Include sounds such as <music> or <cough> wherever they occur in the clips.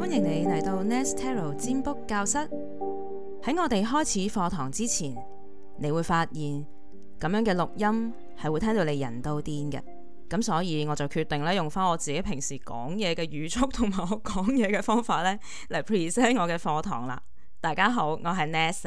歡迎你嚟到 Nestero 占卜教室。喺我哋開始課堂之前，你會發現咁樣嘅錄音係會聽到你人都癲嘅。咁所以我就決定咧用返我自己平時講嘢嘅語速同埋我講嘢嘅方法咧嚟 present 我嘅課堂啦。大家好，我係 Nest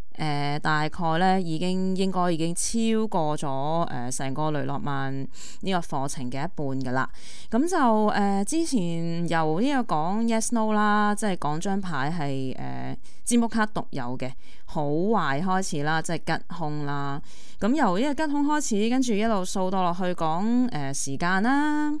誒、呃，大概咧，已經應該已經超過咗誒成個雷諾曼呢個課程嘅一半噶啦。咁就誒、呃、之前由呢個講 yes no 啦，即係講張牌係誒占卜卡獨有嘅好壞開始啦，即係吉凶啦。咁、嗯、由呢個吉凶開始，跟住一路掃到落去講誒、呃、時間啦，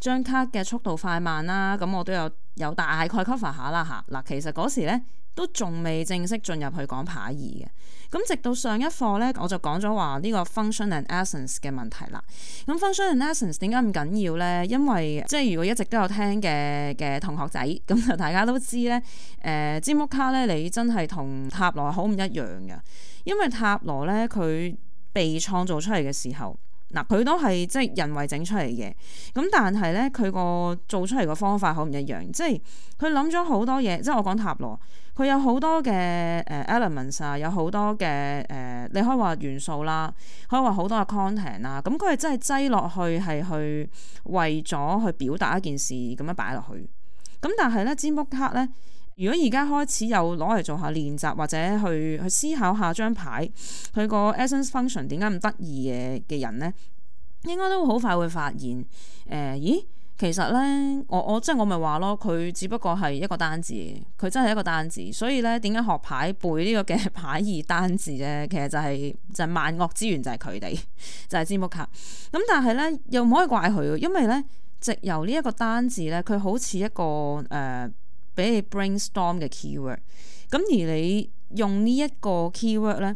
張卡嘅速度快慢啦。咁、嗯、我都有。有大概 cover 下啦吓，嗱其實嗰時咧都仲未正式進入去講牌意嘅，咁直到上一課咧我就講咗話呢個 function and essence 嘅問題啦。咁 function and essence 點解咁緊要咧？因為即係如果一直都有聽嘅嘅同學仔，咁就大家都知咧，誒、呃，詹木卡咧你真係同塔羅係好唔一樣嘅，因為塔羅咧佢被創造出嚟嘅時候。嗱，佢、啊、都係即係人為整出嚟嘅，咁但係咧，佢個做出嚟個方法好唔一樣，即係佢諗咗好多嘢，即係我講塔羅，佢有好多嘅誒 elements 啊，有好多嘅誒，你可以話元素啦，可以話好多嘅 content 啦，咁佢係真係擠落去係去為咗去表達一件事咁樣擺落去，咁但係咧，占卜卡咧。如果而家開始有攞嚟做下練習，或者去去思考下張牌佢個 essence function 點解咁得意嘅嘅人咧，應該都好快會發現，誒、呃，咦，其實咧，我我即係我咪話咯，佢只不過係一個單字，佢真係一個單字，所以咧，點解學牌背呢個嘅牌意單字咧？其實就係、就係、萬惡之源就係佢哋， <laughs> 就係占卜卡。咁但係咧又唔可以怪佢，因為咧藉由呢一個單字咧，佢好似一個誒。呃俾你 brainstorm 嘅 keyword，咁而你用呢一個 keyword 咧，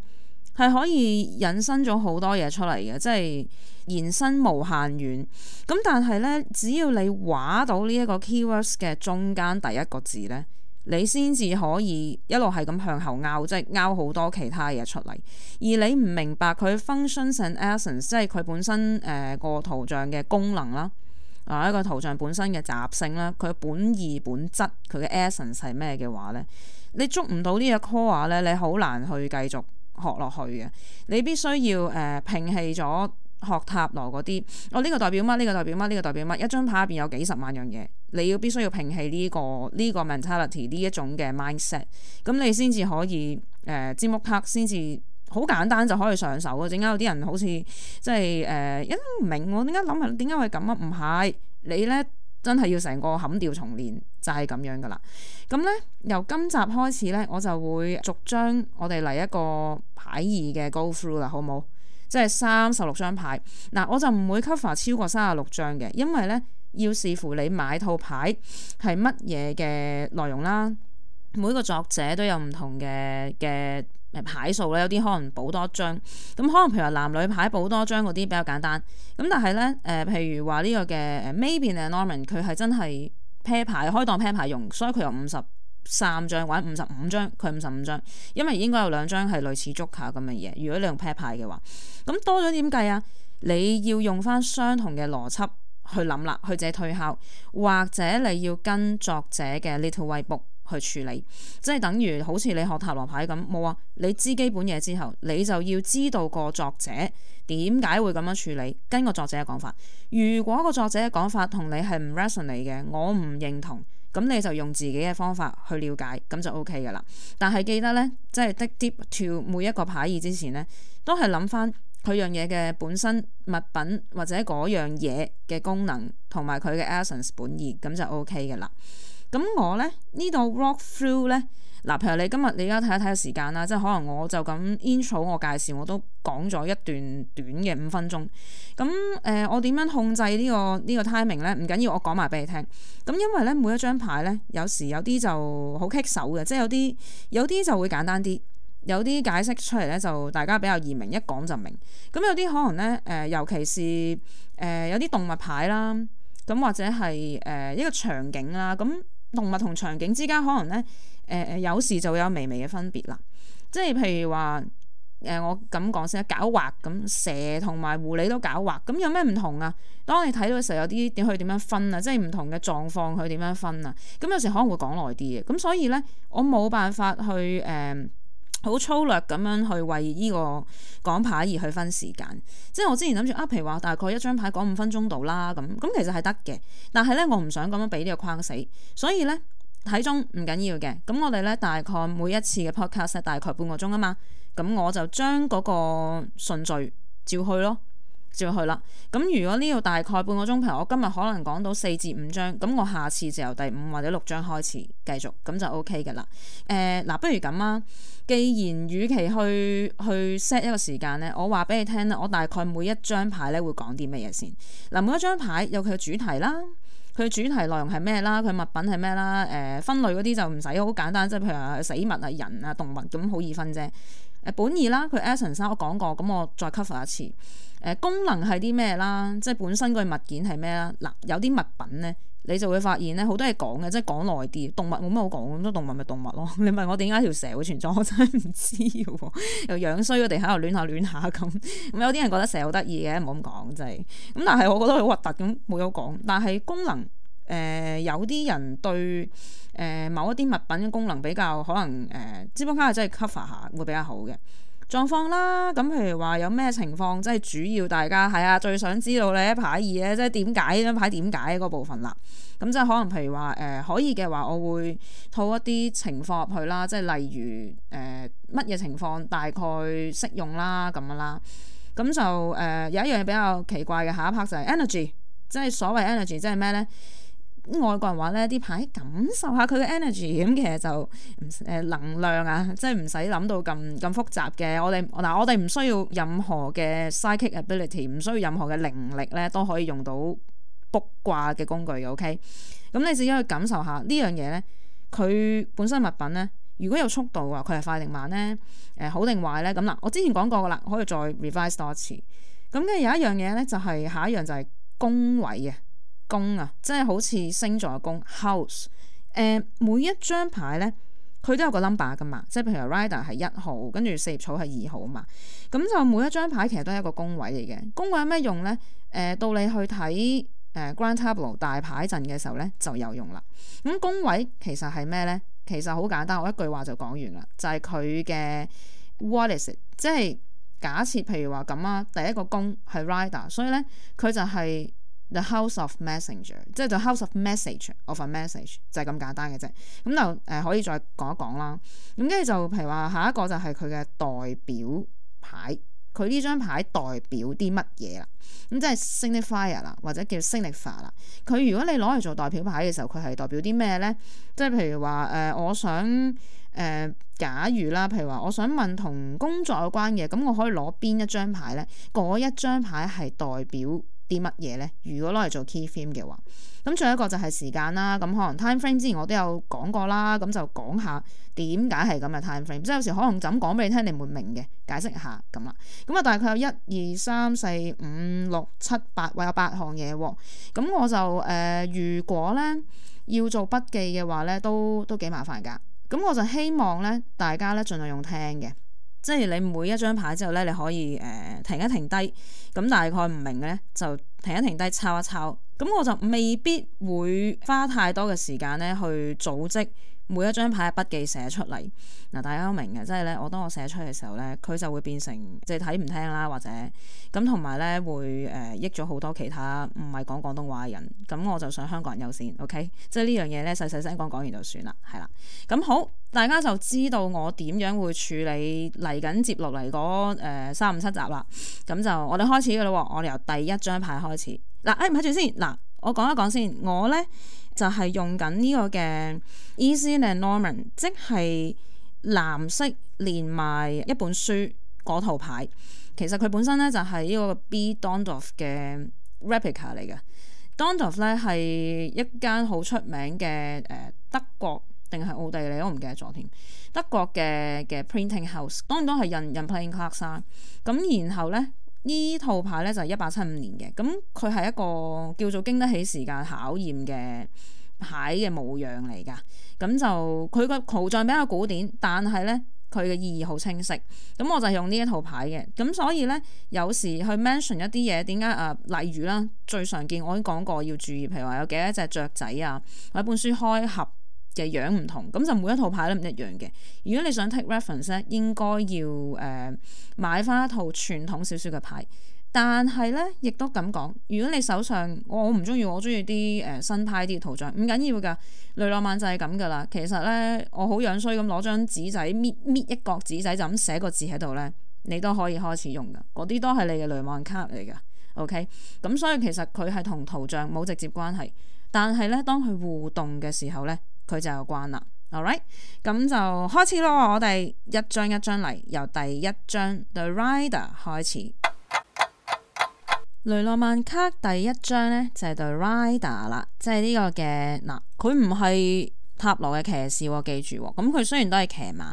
係可以引申咗好多嘢出嚟嘅，即係延伸無限遠。咁但係咧，只要你畫到呢一個 keywords 嘅中間第一個字咧，你先至可以一路係咁向後拗，即係拗好多其他嘢出嚟。而你唔明白佢 functions and essence，即係佢本身誒個、呃、圖像嘅功能啦。啊！一個圖像本身嘅雜性咧，佢本意本質，佢嘅 essence 係咩嘅話呢？你捉唔到呢個 core 咧，你好難去繼續學落去嘅。你必須要誒摒棄咗學塔羅嗰啲。哦，呢個代表乜？呢個代表乜？呢個代表乜？一張牌入邊有幾十萬樣嘢，你要必須要摒棄呢個呢個 mentality 呢一種嘅 mindset。咁你先至可以誒尖木卡先至。好簡單就可以上手啊。點解有啲人好似即係誒，一、呃、唔明我點解諗下，點解會咁啊？唔係你咧，真係要成個冚掉重練就係、是、咁樣㗎喇。咁、嗯、咧，由今集開始咧，我就會逐張我哋嚟一個牌二嘅 go through 啦，好冇？即係三十六張牌，嗱、嗯，我就唔會 cover 超過三十六張嘅，因為咧要視乎你買套牌係乜嘢嘅內容啦。每個作者都有唔同嘅嘅牌數咧，有啲可能補多張咁，可能譬如話男女牌補多張嗰啲比較簡單。咁但係咧，誒、呃，譬如話呢個嘅 Maybe Norman 佢係真係 pair 牌開檔 pair 牌用，所以佢有五十三張或者五十五張，佢五十五張，因為應該有兩張係類似 Joker 咁嘅嘢。如果你用 pair 牌嘅話，咁多咗點計啊？你要用翻相同嘅邏輯去諗啦，去自己推敲，或者你要跟作者嘅 Little White Book。去處理，即係等於好似你學塔羅牌咁冇啊。你知基本嘢之後，你就要知道個作者點解會咁樣處理，跟個作者嘅講法。如果個作者嘅講法同你係唔 rational 嘅，我唔認同，咁你就用自己嘅方法去了解，咁就 OK 噶啦。但係記得呢，即係 deep dive 跳每一個牌意之前呢，都係諗翻佢樣嘢嘅本身物品或者嗰樣嘢嘅功能同埋佢嘅 essence 本意，咁就 OK 噶啦。咁我咧呢度 walk through 咧嗱，譬如你今日你而家睇一睇時間啦，即係可能我就咁 intro 我介紹我都講咗一段短嘅五分鐘。咁誒、呃，我點樣控制呢、呢個呢、呢個 timing 咧？唔緊要，我講埋俾你聽。咁因為咧，每一張牌咧，有時有啲就好棘手嘅，即係有啲有啲就會簡單啲，有啲解釋出嚟咧就大家比較易明，一講就明。咁有啲可能咧誒、呃，尤其是誒、呃、有啲動物牌啦，咁或者係誒、呃、一個場景啦，咁。動物同場景之間可能咧，誒、呃、有時就會有微微嘅分別啦。即係譬如話，誒、呃、我咁講先，狡猾咁蛇同埋狐狸都狡猾，咁有咩唔同啊？當你睇到嘅時候，有啲點去點樣分啊？即係唔同嘅狀況，佢點樣分啊？咁有時可能會講耐啲嘅，咁所以咧，我冇辦法去誒、呃好粗略咁樣去為呢個講牌而去分時間，即係我之前諗住啊，譬如話大概一張牌講五分鐘度啦，咁咁其實係得嘅。但係咧，我唔想咁樣俾呢個框死，所以咧，睇中唔緊要嘅。咁我哋咧大概每一次嘅 podcast 係大概半個鐘啊嘛，咁我就將嗰個順序照去咯。照去啦。咁如果呢度大概半個鐘，譬如我今日可能講到四至五章，咁我下次就由第五或者六章開始繼續，咁就 O K 嘅啦。誒、呃，嗱、啊，不如咁啊，既然與其去去 set 一個時間咧，我話俾你聽啦，我大概每一張牌咧會講啲乜嘢先，嗱、啊。每一張牌有佢嘅主題啦，佢嘅主題內容係咩啦？佢物品係咩啦？誒、呃，分類嗰啲就唔使，好簡單，即係譬如話死物啊、人啊、動物咁好易分啫。誒，本意啦，佢 action 三我講過，咁我再 cover 一次。誒、呃、功能係啲咩啦？即係本身個物件係咩啦？嗱、呃，有啲物品咧，你就會發現咧，好多嘢講嘅，即係講耐啲。動物冇乜好講咁多，動物咪動物咯。你問我點解條蛇會存在，我真係唔知 <laughs> 樣又樣衰，我哋喺度亂下亂下咁。咁有啲人覺得蛇好得意嘅，唔好咁講真係。咁但係我覺得佢好核突咁冇有講。但係功能誒、呃，有啲人對誒、呃、某一啲物品嘅功能比較可能誒、呃，資方卡真係 cover 下會比較好嘅。狀況啦，咁譬如話有咩情況，即係主要大家係啊最想知道你一排二咧，即係點解呢一排點解嗰部分啦。咁即係可能譬如話誒、呃、可以嘅話，我會套一啲情況入去啦，即係例如誒乜嘢情況大概適用啦咁樣啦。咁就誒、呃、有一樣嘢比較奇怪嘅下一 part 就係 energy，即係所謂 energy 即係咩咧？外國人話咧，啲牌感受下佢嘅 energy，咁其實就唔誒能量啊，即係唔使諗到咁咁複雜嘅。我哋嗱，我哋唔需要任何嘅 psychic ability，唔需要任何嘅靈力咧，都可以用到卜卦嘅工具 OK，咁你自己去感受下樣呢樣嘢咧，佢本身物品咧，如果有速度啊，佢係快定慢咧？誒、嗯、好定壞咧？咁嗱，我之前講過噶啦，可以再 revise 多次。咁跟住有一樣嘢咧，就係、是、下一樣就係宮位啊。宮啊，即係好似星座嘅宮 House、呃。誒，每一張牌咧，佢都有個 number 噶嘛，即係譬如 Rider 係一號，跟住四葉草係二號啊嘛。咁就每一張牌其實都係一個宮位嚟嘅。宮位有咩用咧？誒、呃，到你去睇誒 grand tableau 大牌陣嘅時候咧就有用啦。咁、嗯、宮位其實係咩咧？其實好簡單，我一句話就講完啦，就係佢嘅 what is it，即係假設譬如話咁啊，第一個宮係 Rider，所以咧佢就係、是。The House of Messenger，即係就 house of message，of a message 就係咁簡單嘅啫。咁就誒、呃、可以再講一講啦。咁跟住就譬如話下一個就係佢嘅代表牌，佢呢張牌代表啲乜嘢啦？咁即係 Signifier 啦，或者叫 Signifier 啦。佢如果你攞嚟做代表牌嘅時候，佢係代表啲咩咧？即係譬如話誒、呃，我想誒、呃，假如啦，譬如話，我想問同工作有關嘅，咁我可以攞邊一張牌咧？嗰一張牌係代表。啲乜嘢咧？如果攞嚟做 key frame 嘅話，咁仲有一個就係時間啦。咁可能 time frame 之前我都有講過啦，咁就講下點解係咁嘅 time frame。即係有時可能就咁講俾你聽，你唔會明嘅，解釋下咁啦。咁啊，大概有一二三四五六七八，或者八項嘢喎。咁我就誒、呃，如果咧要做筆記嘅話咧，都都幾麻煩噶。咁我就希望咧，大家咧盡量用聽嘅。即係你每一張牌之後咧，你可以誒、呃、停一停低，咁大概唔明嘅咧，就停一停低，抄一抄，咁我就未必會花太多嘅時間咧去組織。每一張牌嘅筆記寫出嚟，嗱，大家都明嘅，即係咧，我當我寫出嚟嘅時候咧，佢就會變成即係睇唔聽啦，或者咁同埋咧會誒、呃、益咗好多其他唔係講廣東話嘅人，咁我就想香港人優先，OK，即係呢樣嘢咧細細聲講，講完就算啦，係啦，咁好，大家就知道我點樣會處理嚟緊接落嚟嗰三五七集啦，咁、嗯、就我哋開始㗎啦喎，我哋由第一張牌開始，嗱、誒唔睇住先，嗱、哎。我講一講先，我咧就係、是、用緊呢個嘅 Eisenhowermann 即係藍色連埋一本書嗰套牌。其實佢本身咧就係呢個 B. Dondorf 嘅 replica 嚟嘅。Dondorf 咧係一間好出名嘅誒德國定係奧地利，我唔記得咗添。德國嘅嘅 printing house，當然都係印印 playing cards 啦。咁然後咧。呢套牌咧就係一八七五年嘅，咁佢係一個叫做經得起時間考驗嘅牌嘅模樣嚟㗎，咁就佢個圖像比較古典，但係咧佢嘅意義好清晰，咁我就用呢一套牌嘅，咁所以咧有時去 mention 一啲嘢點解啊，例如啦最常見我已經講過要注意，譬如話有幾多隻雀仔啊，或者本書開盒。嘅樣唔同，咁就每一套牌都唔一樣嘅。如果你想 take reference，應該要誒、呃、買翻一套傳統少少嘅牌。但係咧，亦都咁講，如果你手上我唔中意，我中意啲誒新派啲圖像，唔緊要㗎。雷浪漫就係咁㗎啦。其實咧，我好樣衰咁攞張紙仔搣搣一角紙仔，仔就咁寫個字喺度咧，你都可以開始用㗎。嗰啲都係你嘅雷曼卡嚟㗎。OK，咁所以其實佢係同圖像冇直接關係，但係咧當佢互動嘅時候咧。佢就有關啦，all right，咁就開始咯。我哋一張一張嚟，由第一張 The Rider 開始。雷諾曼卡第一張呢，就係 The Rider 啦，即係呢個嘅嗱，佢唔係塔羅嘅騎士喎，記住喎。咁佢雖然都係騎馬，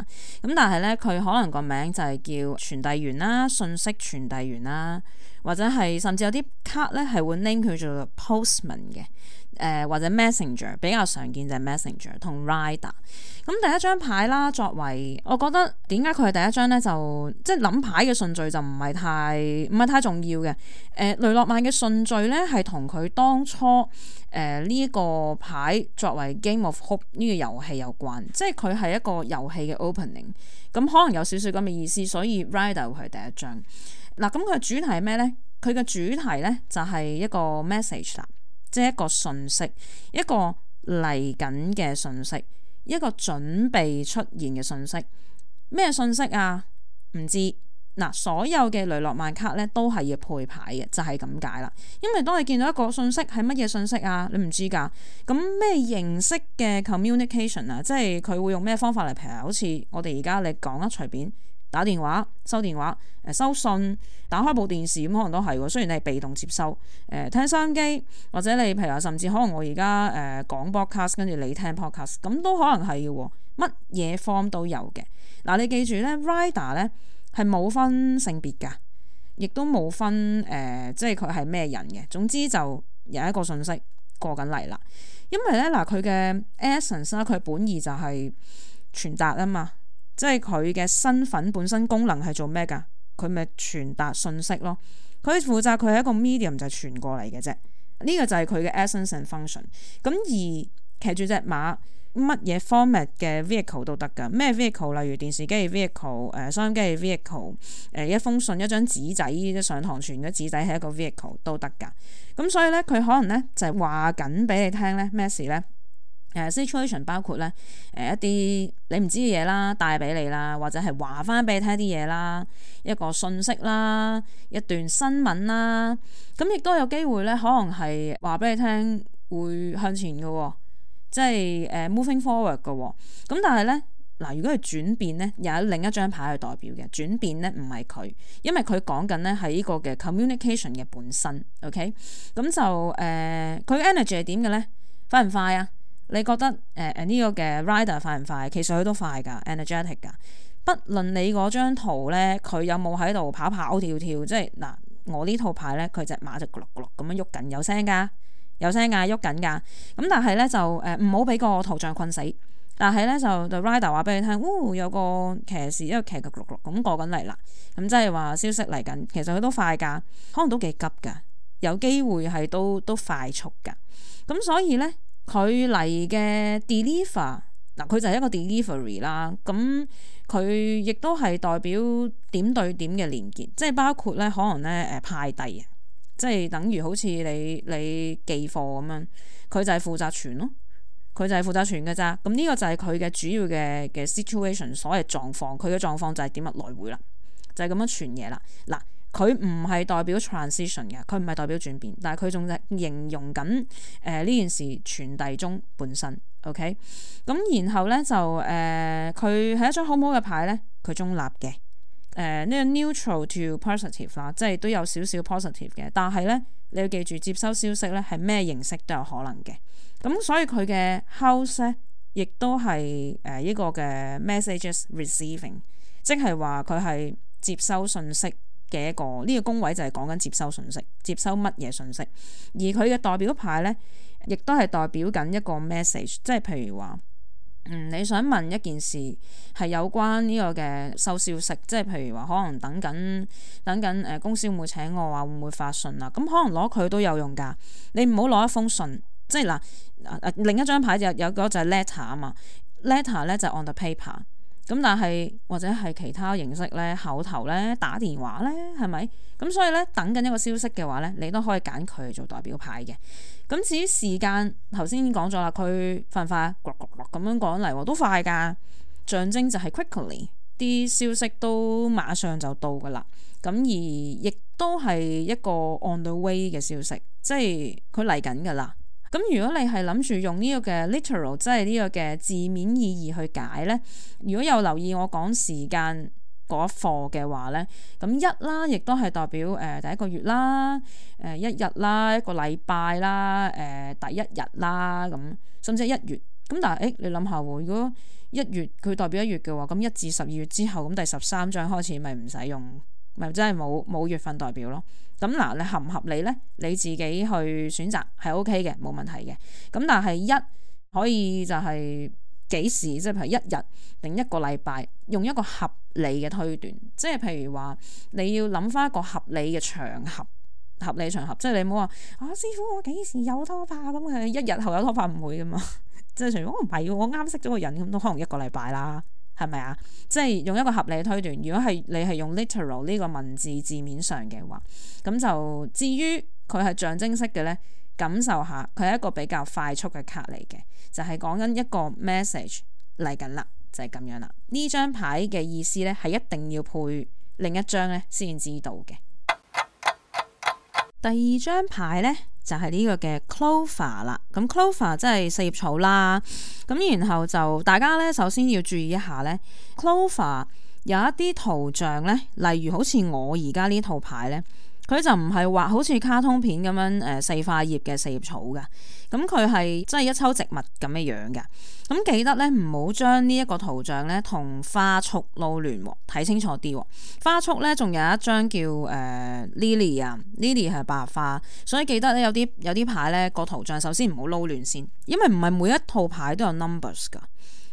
咁但係呢，佢可能個名就係叫傳遞員啦、信息傳遞員啦，或者係甚至有啲卡呢係會拎佢做 postman 嘅。誒，或者 Messenger 比較常見，就係 Messenger 同 Rider，咁第一張牌啦。作為我覺得點解佢係第一張咧？就即係諗牌嘅順序就唔係太唔係太重要嘅。誒、呃、雷諾曼嘅順序咧係同佢當初誒呢一個牌作為 Game of Hope 呢個遊戲有關，即係佢係一個遊戲嘅 Opening。咁、嗯、可能有少少咁嘅意思，所以 Rider 會係第一張嗱。咁佢嘅主題係咩咧？佢嘅主題咧就係一個 message 啦。即係一個信息，一個嚟緊嘅信息，一個準備出現嘅信息。咩信息啊？唔知嗱，所有嘅雷諾曼卡咧都係要配牌嘅，就係咁解啦。因為當你見到一個信息係乜嘢信息啊，你唔知噶。咁咩形式嘅 communication 啊？即係佢會用咩方法嚟譬如，好似我哋而家你講得隨便。打電話、收電話、誒、呃、收信、打開部電視咁，可能都係喎。雖然你係被動接收，誒、呃、聽收音機，或者你譬如話，甚至可能我而家誒講 podcast，跟住你聽 podcast，咁都可能係嘅。乜嘢 form 都有嘅。嗱、呃，你記住咧 writer 咧係冇分性別㗎，亦都冇分誒、呃，即係佢係咩人嘅。總之就有一個信息過緊嚟啦。因為咧嗱，佢、呃、嘅 essence 啦，佢本意就係傳達啊嘛。即係佢嘅身份本身功能係做咩噶？佢咪傳達信息咯。佢負責佢係一個 medium 就係傳過嚟嘅啫。呢個就係佢嘅 essence and function。咁而騎住隻馬乜嘢 format 嘅 vehicle 都得噶。咩 vehicle？例如電視機嘅 vehicle，誒、呃，收音機嘅 vehicle，誒、呃，一封信一張紙仔即上堂傳嘅紙仔係一個 vehicle 都得噶。咁所以咧，佢可能咧就係話緊俾你聽咧咩事咧？誒、uh，situation 包括咧，誒、呃、一啲你唔知嘅嘢啦，帶俾你啦，或者係話翻俾你聽啲嘢啦，一個信息啦，一段新聞啦，咁、嗯、亦都有機會咧，可能係話俾你聽會向前嘅、哦，即係誒、uh, moving forward 嘅、哦。咁、嗯、但係咧嗱，如果係轉變咧，又有另一張牌去代表嘅轉變咧，唔係佢，因為佢講緊咧係呢個嘅 communication 嘅本身。OK，咁、嗯、就誒佢、呃、energy 係點嘅咧，快唔快啊？你覺得誒誒呢個嘅 rider 快唔快？其實佢都快㗎，energetic 㗎。不論你嗰張圖咧，佢有冇喺度跑跑跳跳，即係嗱，我呢套牌咧，佢隻馬就咕碌咕碌咁樣喐緊，有聲㗎，有聲㗎，喐緊㗎。咁但係咧就誒唔好俾個圖像困死。但係咧就就 rider 話俾你聽，哦，有個騎士，因為騎個咕碌咕碌咁過緊嚟啦，咁即係話消息嚟緊。其實佢都快㗎，可能都幾急㗎，有機會係都都快速㗎。咁所以咧。佢嚟嘅 deliver 嗱，佢、er，就係一個 delivery 啦。咁佢亦都係代表點對點嘅連結，即係包括咧可能咧誒派遞，即係等於好似你你寄貨咁樣，佢就係負責傳咯，佢就係負責傳㗎咋。咁呢個就係佢嘅主要嘅嘅 situation，所謂狀況。佢嘅狀況就係點啊來回啦，就係、是、咁樣傳嘢啦嗱。佢唔係代表 transition 嘅，佢唔係代表轉變，但係佢仲形容緊誒呢件事傳遞中本身。OK，咁然後咧就誒，佢、呃、係一張好唔好嘅牌咧，佢中立嘅誒呢個 neutral to positive 啦，即係都有少少 positive 嘅。但係咧，你要記住接收消息咧係咩形式都有可能嘅。咁、嗯、所以佢嘅 house 咧亦都係誒呢、呃這個嘅 messages receiving，即係話佢係接收信息。嘅一個呢、呢個工位就係講緊接收信息，接收乜嘢信息？而佢嘅代表牌呢，亦都係代表緊一個 message，即係譬如話，嗯，你想問一件事係有關呢個嘅收消息，即係譬如話可能等緊等緊誒、呃、公司會唔會請我話會唔會發信啊？咁可能攞佢都有用㗎。你唔好攞一封信，即係嗱、啊啊，另一張牌就有,有個就係 letter 啊嘛，letter 咧就 on the paper。咁但係或者係其他形式咧，口頭咧，打電話咧，係咪？咁所以咧，等緊一個消息嘅話咧，你都可以揀佢做代表派嘅。咁至於時間，頭先已經講咗啦，佢快快咁樣趕嚟喎，都快㗎。象徵就係 quickly，啲消息都馬上就到㗎啦。咁而亦都係一個 on the way 嘅消息，即係佢嚟緊㗎啦。咁如果你係諗住用呢個嘅 literal，即係呢個嘅字面意義去解咧，如果有留意我講時間嗰一課嘅話咧，咁一啦，亦都係代表誒、呃、第一個月啦，誒、呃、一日啦，一個禮拜啦，誒、呃、第一日啦，咁甚至係一月。咁但係誒、欸，你諗下，如果一月佢代表一月嘅話，咁一至十二月之後，咁第十三章開始咪唔使用，用？咪真係冇冇月份代表咯，咁嗱你合唔合理咧？你自己去選擇係 OK 嘅，冇問題嘅。咁但係一可以就係幾時，即係譬如一日定一個禮拜，用一個合理嘅推斷，即係譬如話你要諗翻一個合理嘅場合，合理場合，即係你唔好話啊師傅我幾時有拖拍，咁佢一日後有拖拍唔會噶嘛。即係如果唔係我啱識咗個人咁，都可能一個禮拜啦。係咪啊？即係用一個合理嘅推斷。如果係你係用 literal 呢個文字字面上嘅話，咁就至於佢係象徵式嘅呢，感受下佢係一個比較快速嘅卡嚟嘅，就係講緊一個 message 嚟緊啦，就係咁樣啦。呢張牌嘅意思呢，係一定要配另一張呢先知道嘅。第二張牌呢？就係呢個嘅 Clover 啦 Clo，咁 Clover 即係四葉草啦，咁然後就大家咧，首先要注意一下咧，Clover 有一啲圖像咧，例如好似我而家呢套牌咧。佢就唔係話好似卡通片咁樣，誒、呃、四塊葉嘅四葉草㗎，咁佢係真係一抽植物咁嘅樣嘅，咁記得咧唔好將呢一個圖像咧同花束撈亂喎，睇清楚啲喎，花束咧仲有一張叫誒、呃、lily 啊，lily 係白花，所以記得咧有啲有啲牌咧個圖像首先唔好撈亂先，因為唔係每一套牌都有 numbers 㗎。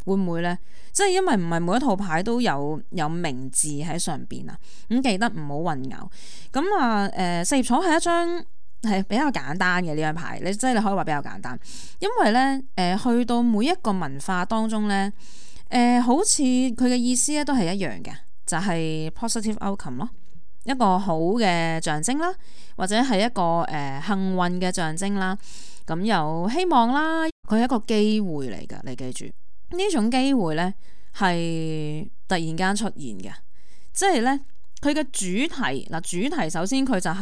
會唔會咧？即係因為唔係每一套牌都有有名字喺上邊啊。咁、嗯、記得唔好混淆咁啊。誒，四、呃、葉草係一張係比較簡單嘅呢張牌，你即係你可以話比較簡單，因為咧誒、呃，去到每一個文化當中咧，誒、呃、好似佢嘅意思咧都係一樣嘅，就係、是、positive outcome 咯，一個好嘅象徵啦，或者係一個誒、呃、幸運嘅象徵啦，咁有希望啦，佢係一個機會嚟噶，你記住。呢種機會呢，係突然間出現嘅，即係呢，佢嘅主題，嗱，主題首先佢就係、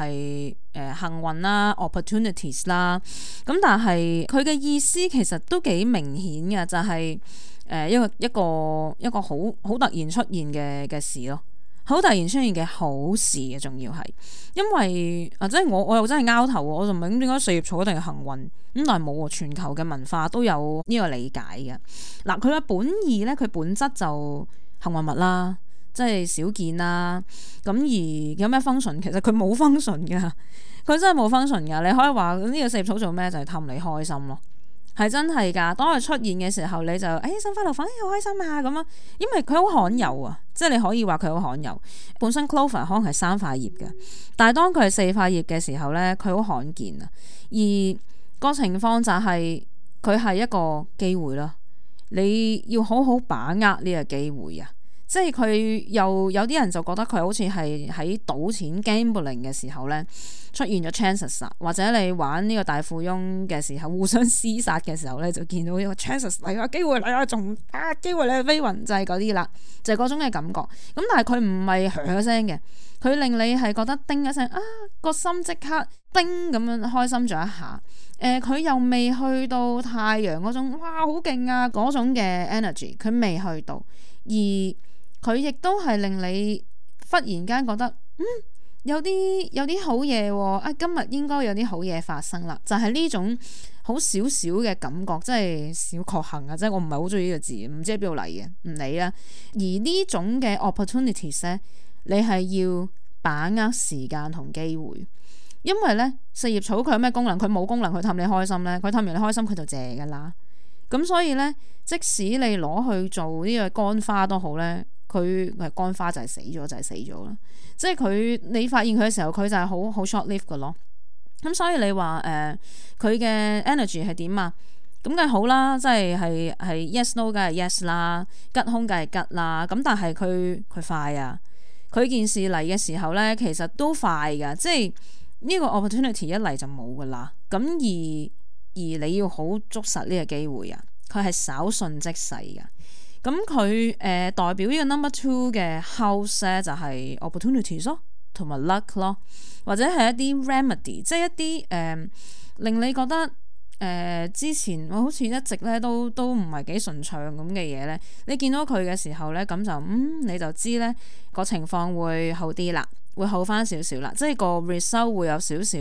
是、誒、呃、幸運啦 opportunities 啦，咁但係佢嘅意思其實都幾明顯嘅，就係、是、誒、呃、一個一個一個好好突然出現嘅嘅事咯。好突然出現嘅好事嘅，仲要係，因為啊，即係我我又真係拗頭，我就唔明咁點解四葉草一定係幸運，咁但係冇喎，全球嘅文化都有呢個理解嘅。嗱，佢嘅本意咧，佢本質就幸運物啦，即係少見啦。咁而有咩 function？其實佢冇 function 嘅，佢真係冇 function 嘅。你可以話呢個四葉草做咩？就係氹你開心咯。係真係噶，當佢出現嘅時候，你就，哎，心花怒放，哎，好開心啊，咁樣，因為佢好罕有啊，即係你可以話佢好罕有。本身 clover 可能係三塊葉嘅，但係當佢係四塊葉嘅時候咧，佢好罕見啊。而個情況就係、是，佢係一個機會咯，你要好好把握呢個機會啊。即係佢又有啲人就覺得佢好似係喺賭錢 gambling 嘅時候呢，出現咗 chances，啊，或者你玩呢個大富翁嘅時候互相厮殺嘅時候呢，就見到呢個 chances 嚟個、啊、機會嚟啊，仲啊機會嚟、啊、飛雲際嗰啲啦，就係、是、嗰、就是、種嘅感覺。咁但係佢唔係呵呵聲嘅，佢令你係覺得叮一聲啊，個心即刻叮咁樣開心咗一下。誒、啊，佢、呃、又未去到太陽嗰種哇好勁啊嗰種嘅 energy，佢未去到而。佢亦都係令你忽然間覺得嗯，有啲有啲好嘢喎。啊，今日應該有啲好嘢發生啦。就係呢種好少少嘅感覺，真係小確幸啊！即係我唔係好中意呢個字，唔知喺邊度嚟嘅，唔理啦。而呢種嘅 opportunities 咧，你係要把握時間同機會，因為咧四葉草佢有咩功能？佢冇功能去氹你開心咧，佢氹完你開心，佢就謝㗎啦。咁所以咧，即使你攞去做呢個乾花都好咧。佢係乾花就係、是、死咗就係、是、死咗啦，即係佢你發現佢嘅時候佢就係好好 short-lived 噶咯，咁、嗯、所以你話誒佢嘅 energy 係點啊？咁梗係好啦，即係係係 yes no 梗係 yes 啦，吉凶梗係吉啦，咁但係佢佢快啊，佢件事嚟嘅時候咧其實都快噶，即係呢、這個 opportunity 一嚟就冇噶啦，咁而而你要好捉實呢個機會啊，佢係稍瞬即逝噶。咁佢誒代表呢個 number two 嘅 house 咧，就係 opportunities 咯，同埋 luck 咯，或者係一啲 remedy，即係一啲誒、呃、令你覺得誒、呃、之前我、呃、好似一直咧都都唔係幾順暢咁嘅嘢咧，你見到佢嘅時候咧，咁就嗯你就知咧個情況會好啲啦。會好翻少少啦，即係個 result 會有少少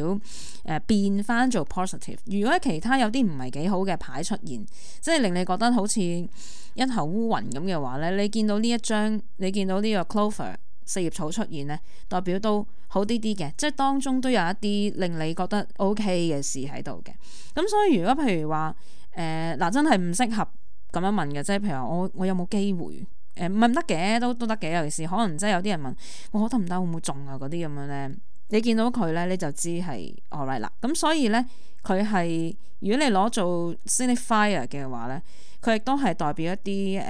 誒變翻做 positive。如果其他有啲唔係幾好嘅牌出現，即係令你覺得好似一頭烏雲咁嘅話咧，你見到呢一張，你見到呢個 clover 四葉草出現咧，代表都好啲啲嘅。即係當中都有一啲令你覺得 OK 嘅事喺度嘅。咁所以如果譬如話誒嗱，真係唔適合咁樣問嘅，即係譬如我我有冇機會？誒唔、嗯、得嘅，都都得嘅。尤其是可能真係有啲人問會會、啊嗯嗯哦，我覺得唔得，會唔會中啊？嗰啲咁樣咧，你見到佢咧，你就知係，all right 啦。咁所以咧，佢係如果你攞做 signifier 嘅話咧，佢亦都係代表一啲誒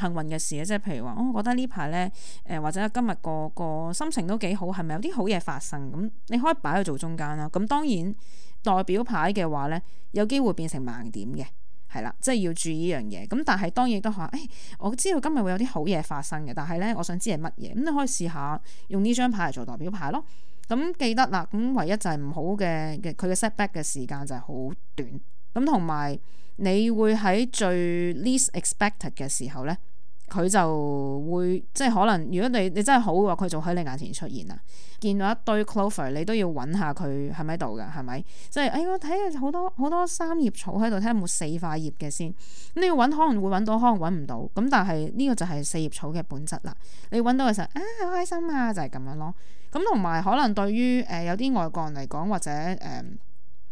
幸運嘅事嘅，即係譬如話，我覺得呢排咧誒或者今日個個心情都幾好，係咪有啲好嘢發生？咁、嗯、你可以擺佢做中間啦。咁、嗯、當然代表牌嘅話咧，有機會變成盲點嘅。係啦，即係要注意呢樣嘢。咁但係當然都話，誒、哎，我知道今日會有啲好嘢發生嘅。但係咧，我想知係乜嘢。咁、嗯、你可以試下用呢張牌嚟做代表牌咯。咁、嗯、記得啦，咁唯一就係唔好嘅嘅，佢嘅 setback 嘅時間就係好短。咁同埋你會喺最 least expected 嘅時候咧。佢就會即係可能，如果你你真係好嘅話，佢就喺你眼前出現啦。見到一堆 clover，你都要揾下佢係咪喺度㗎，係咪？即係誒，我睇下好多好多三葉草喺度，睇下有冇四塊葉嘅先。你要揾，可能會揾到，可能揾唔到。咁但係呢個就係四葉草嘅本質啦。你揾到嘅時候啊，好開心啊，就係、是、咁樣咯。咁同埋可能對於誒、呃、有啲外國人嚟講，或者誒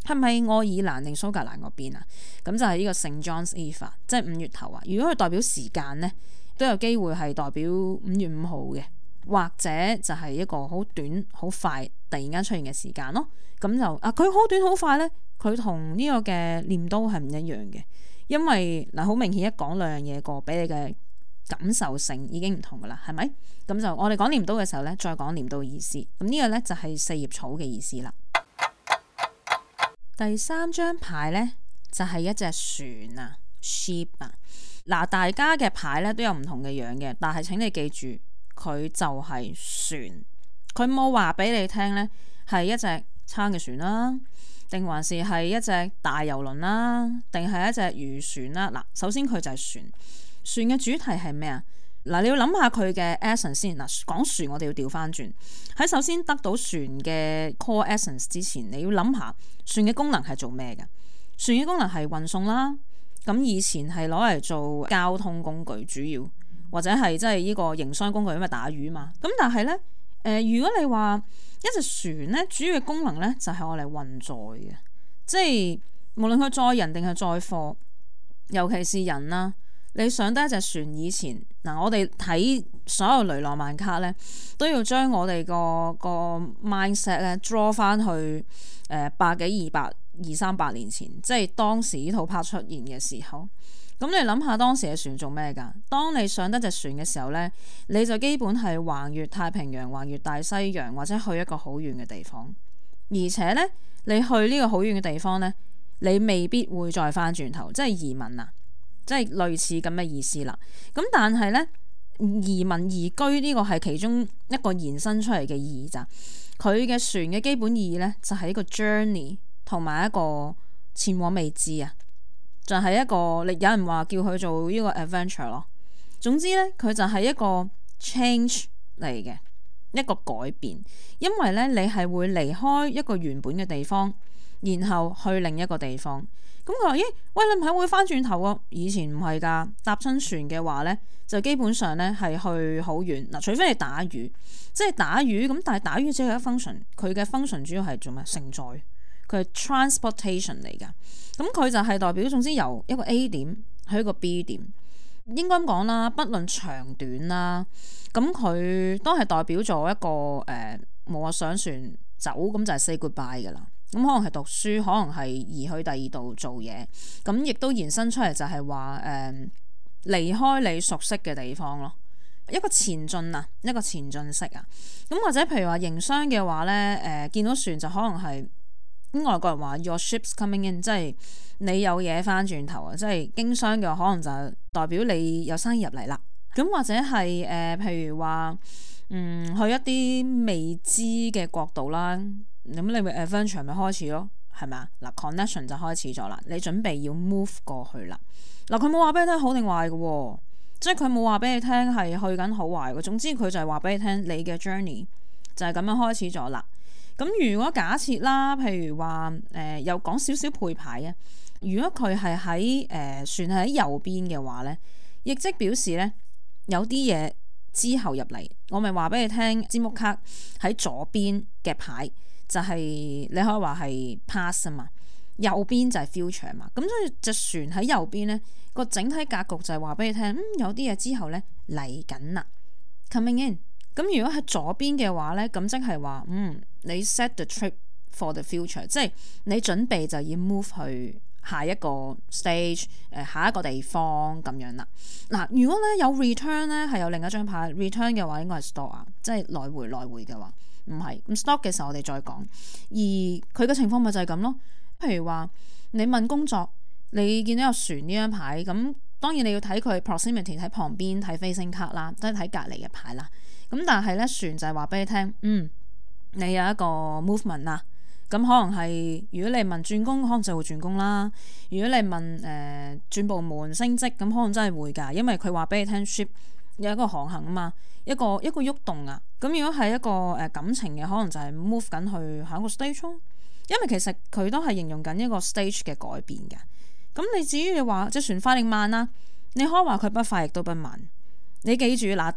係咪愛爾蘭定蘇格蘭嗰邊啊？咁就係呢個聖 John's Eve 啊，即係五月頭啊。如果佢代表時間呢，都有機會係代表五月五號嘅，或者就係一個好短好快突然間出現嘅時間咯。咁就啊，佢好短好快呢，佢同呢個嘅鐮刀係唔一樣嘅，因為嗱好、啊、明顯一講兩樣嘢個，俾你嘅感受性已經唔同噶啦，係咪？咁就我哋講鐮刀嘅時候呢，再講鐮刀意思。咁呢個呢，就係、是、四葉草嘅意思啦。第三張牌呢，就係、是、一隻船啊，ship 啊。嗱，大家嘅牌咧都有唔同嘅樣嘅，但係請你記住，佢就係船，佢冇話俾你聽呢係一隻撐嘅船啦，定還是係一隻大遊輪啦，定係一隻漁船啦。嗱，首先佢就係船，船嘅主題係咩啊？嗱，你要諗下佢嘅 essence 先。嗱，講船我哋要調翻轉，喺首先得到船嘅 core essence 之前，你要諗下船嘅功能係做咩㗎？船嘅功能係運送啦。咁以前係攞嚟做交通工具主要，或者係即係呢個營商工具，因為打魚嘛。咁但係呢，誒、呃、如果你話一隻船呢，主要嘅功能呢，就係我嚟運載嘅，即係無論佢載人定係載貨，尤其是人啦，你上得一隻船以前，嗱我哋睇所有雷諾曼卡呢，都要將我哋、嗰個 mindset 咧 draw 翻去、呃、百幾二百。二三百年前，即係當時呢套拍出現嘅時候，咁你諗下當時嘅船做咩噶？當你上得隻船嘅時候呢，你就基本係橫越太平洋、橫越大西洋，或者去一個好遠嘅地方。而且呢，你去呢個好遠嘅地方呢，你未必會再翻轉頭，即係移民啊，即係類似咁嘅意思啦。咁但係呢，移民移居呢個係其中一個延伸出嚟嘅意義咋？佢嘅船嘅基本意義呢，就係一個 journey。同埋一個前往未知啊，就係、是、一個你有人話叫佢做呢個 adventure 咯。總之呢，佢就係一個 change 嚟嘅一個改變，因為呢，你係會離開一個原本嘅地方，然後去另一個地方。咁佢話咦，喂，你唔係會翻轉頭個以前唔係噶搭親船嘅話呢，就基本上呢係去好遠嗱，除非係打魚，即係打魚咁，但係打魚只係一個 function，佢嘅 function 主要係做咩承載。佢 transportation 嚟噶，咁佢就係代表，總之由一個 A 點去一個 B 點，應該咁講啦，不論長短啦，咁佢都係代表咗一個誒，我、呃、想船走，咁就係 say goodbye 噶啦。咁可能係讀書，可能係移去第二度做嘢，咁亦都延伸出嚟就係話誒，離、呃、開你熟悉嘅地方咯，一個前進啊，一個前進式啊，咁或者譬如話營商嘅話呢，誒、呃、見到船就可能係。外國人話 your ships coming in，即係你有嘢翻轉頭啊！即係經商嘅可能就代表你有生意入嚟啦。咁或者係誒、呃，譬如話，嗯，去一啲未知嘅國度啦。咁你咪誒 venture 咪開始咯，係咪啊？嗱，connection 就開始咗啦，你準備要 move 過去啦。嗱，佢冇話俾你聽好定壞嘅、哦，即係佢冇話俾你聽係去緊好壞。總之佢就係話俾你聽，你嘅 journey 就係咁樣開始咗啦。咁如果假設啦，譬如話，誒、呃、又講少少配牌嘅，如果佢係喺誒船喺右邊嘅話咧，亦即表示咧有啲嘢之後入嚟，我咪話俾你聽，詹姆卡喺左邊嘅牌就係、是、你可以話係 pass 啊嘛，右邊就係 future 啊嘛，咁所以隻船喺右邊咧，個整體格局就係話俾你聽，嗯，有啲嘢之後咧嚟緊啦，coming in。咁如果喺左邊嘅話咧，咁即係話，嗯，你 set the trip for the future，即係你準備就要 move 去下一個 stage，誒、呃、下一個地方咁樣啦。嗱，如果咧有 return 咧係有另一張牌，return 嘅話應該係 store，即係來回來回嘅話，唔係咁 store，嘅時候我哋再講。而佢嘅情況咪就係咁咯。譬如話你問工作，你見到有船呢張牌咁，當然你要睇佢 proximity 喺旁邊睇 facing card 啦，即係睇隔離嘅牌啦。咁但係咧，船就係話俾你聽，嗯，你有一個 movement 啊，咁可能係如果你問轉工，可能就會轉工啦。如果你問誒、呃、轉部門升職，咁可能真係會㗎，因為佢話俾你聽 ship 有一個航行吖嘛，一個一個喐動啊。咁如果係一個誒感情嘅，可能就係 move 緊去下一個 stage 囉因為其實佢都係形容緊一個 stage 嘅改變㗎。咁你至於你話即船快定慢啦，你可以話佢不快亦都不慢。你記住嗱。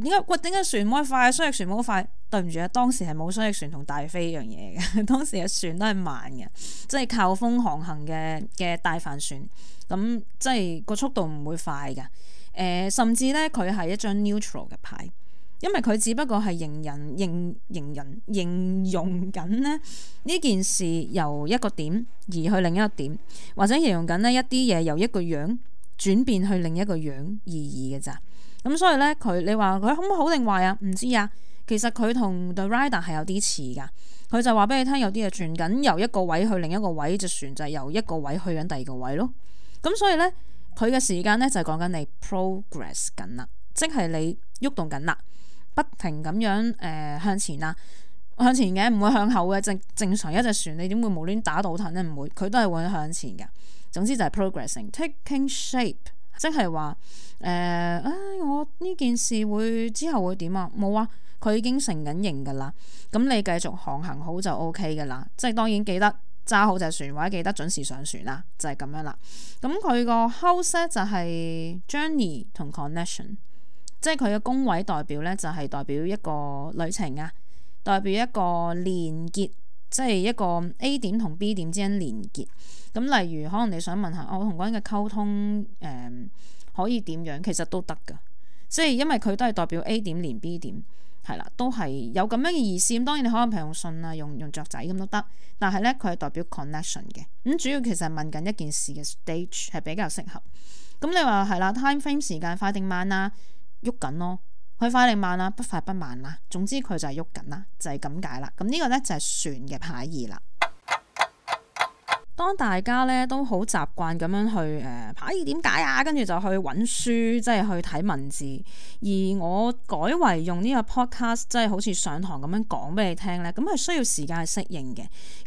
點解我點解船冇咁快？雙翼船冇咁快，對唔住啊！當時係冇雙翼船同大飛一樣嘢嘅，當時嘅船都係慢嘅，即係靠風航行嘅嘅大帆船咁，即係個速度唔會快㗎。誒、呃，甚至咧佢係一張 neutral 嘅牌，因為佢只不過係形容、認、形容、形容緊咧呢件事由一個點移去另一個點，或者形容緊呢一啲嘢由一個樣轉變去另一個樣而已嘅咋。咁所以咧，佢你話佢好唔好定壞啊？唔知啊。其實佢同 the Rider 係有啲似噶，佢就話俾你聽，有啲嘢轉緊由一個位去另一個位，隻船就係由一個位去緊第二個位咯。咁所以咧，佢嘅時間咧就係、是、講緊你 progress 緊啦，即係你喐動緊啦，不停咁樣誒向前啦，向前嘅唔會向後嘅，正正常一隻船，你點會無端打倒騰咧？唔會，佢都係會向前噶。總之就係 progressing，taking shape。即係話誒，唉，我呢件事會之後會點啊？冇啊，佢已經成緊型噶啦。咁你繼續航行好就 O K 噶啦。即係當然記得揸好隻船尾，或者記得準時上船啦，就係、是、咁樣啦。咁佢個 host 就係 journey 同 connection，即係佢嘅工位代表呢，就係、是、代表一個旅程啊，代表一個連結。即係一個 A 點同 B 點之間連結，咁例如可能你想問下、哦、我同嗰人嘅溝通，誒、嗯、可以點樣？其實都得噶，即係因為佢都係代表 A 點連 B 點，係啦，都係有咁樣嘅意思。咁當然你可能唔係用信啊，用用雀仔咁都得。但係咧，佢係代表 connection 嘅。咁、嗯、主要其實問緊一件事嘅 stage 係比較適合。咁你話係啦，Time frame 時間快定慢啦，啊，喐緊咯。佢快定慢啦，不快不慢啦，總之佢就係喐緊啦，就係、是、咁解啦。咁、這、呢個呢，就係船嘅牌意啦。當大家咧都好習慣咁樣去誒牌點解啊，跟住、啊、就去揾書，即係去睇文字。而我改為用呢個 Podcast，即係好似上堂咁樣講俾你聽咧，咁係需要時間去適應嘅。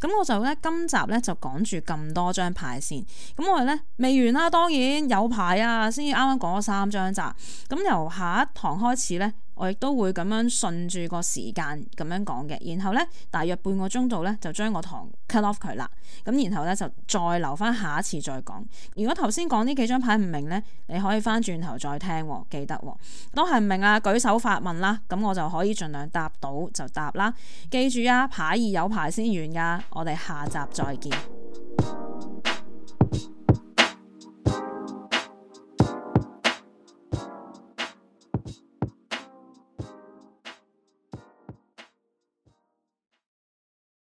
咁我就咧今集咧就講住咁多張牌先。咁我哋咧未完啦、啊，當然有牌啊，先至啱啱講咗三張咋。咁由下一堂開始咧。我亦都會咁樣順住個時間咁樣講嘅，然後呢，大約半個鐘度呢，就將個堂 cut off 佢啦，咁然後呢，就再留翻下一次再講。如果頭先講呢幾張牌唔明呢，你可以翻轉頭再聽，記得都係唔明啊，舉手發問啦，咁我就可以盡量答到就答啦。記住啊，牌二有牌先完噶，我哋下集再見。